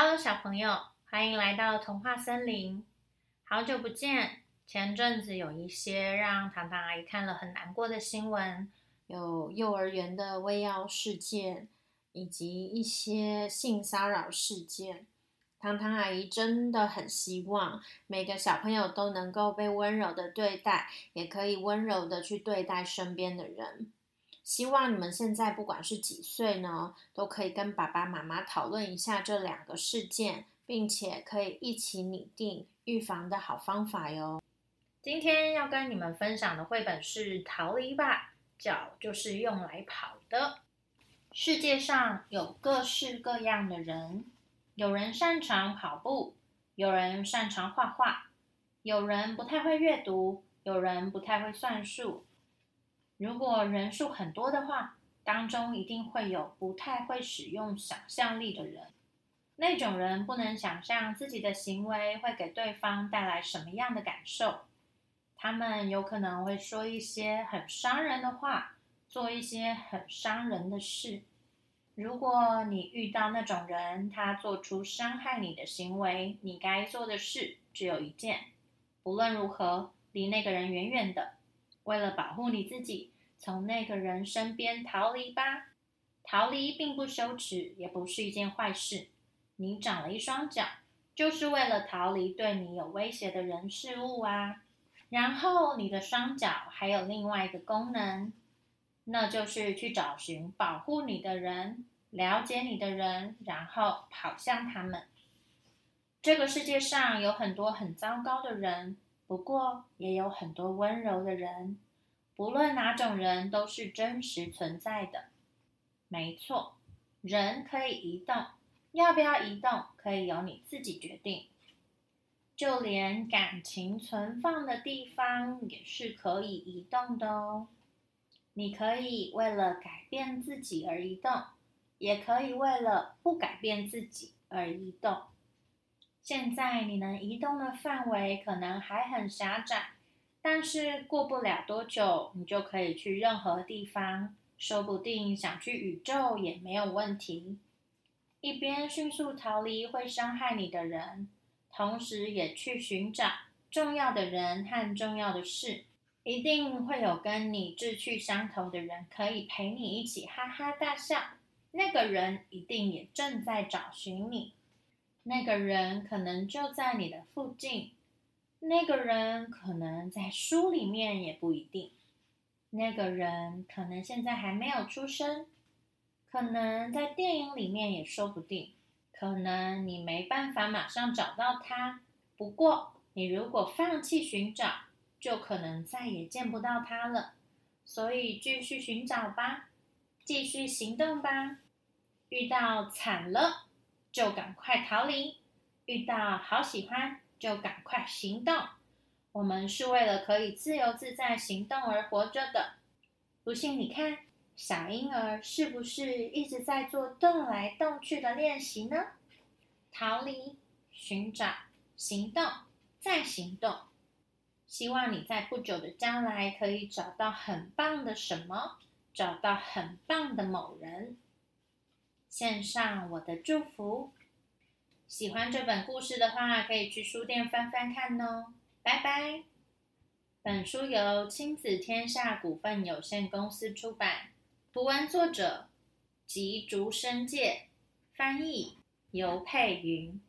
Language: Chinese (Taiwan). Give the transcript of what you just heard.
Hello，小朋友，歡迎來到童話森林。好久不見，前陣子有一些讓糖糖阿姨看了很難過的新聞，有幼兒園的餵藥事件，以及一些性騷擾事件。糖糖阿姨真的很希望每個小朋友都能夠被溫柔的對待，也可以溫柔的去對待身邊的人。希望你們現在不管是幾歲呢，都可以跟爸爸媽媽討論一下這兩個事件，並且可以一起擬定預防的好方法喲。今天要跟你們分享的繪本是《逃離吧，腳就是用來跑的》。世界上有各式各樣的人，有人擅長跑步，有人擅長畫畫，有人不太會閱讀，有人不太會算數。如果人數很多的話，當中一定會有不太會使用想象力的人。那種人不能想象自己的行為會給對方帶來什麼樣的感受，他們有可能會說一些很傷人的話，做一些很傷人的事。如果你遇到那種人，他做出傷害你的行為，你該做的事只有一件，不論如何，離那個人遠遠的。為了保護你自己，從那個人身邊逃離吧。逃離並不羞恥，也不是一件壞事。你長了一雙腳，就是為了逃離對你有威脅的人事物啊。然後，你的雙腳還有另外一個功能，那就是去找尋保護你的人、了解你的人，然後跑向他們。這個世界上有很多很糟糕的人。不過也有很多溫柔的人，不論哪種人都是真實存在的。沒錯，人可以移動，要不要移動可以由你自己決定。就連感情存放的地方也是可以移動的哦。你可以為了改變自己而移動，也可以為了不改變自己而移動。現在你能移動的範圍可能還很狹窄，但是過不了多久，你就可以去任何地方。說不定想去宇宙也沒有問題。一邊迅速逃離會傷害你的人，同時也去尋找重要的人和重要的事。一定會有跟你志趣相投的人可以陪你一起哈哈大笑。那個人一定也正在找尋你。那個人可能就在你的附近，那個人可能在書裡面也不一定，那個人可能現在還沒有出生，可能在電影裡面也說不定，可能你沒辦法馬上找到他。不過，你如果放棄尋找，就可能再也見不到他了。所以，繼續尋找吧，繼續行動吧。遇到慘了，就趕快逃離！遇到好喜歡就趕快行動！我們是為了可以自由自在行動而活着的。不信你看，小嬰兒是不是一直在做動來動去的練習呢？逃離、尋找、行動、再行動。希望你在不久的將來可以找到很棒的什麼，找到很棒的某人。獻上我的祝福。喜歡這本故事的話，可以去書店翻翻看哦。拜拜。本書由親子天下股份有限公司出版，圖文作者吉竹伸介，翻譯游珮芸。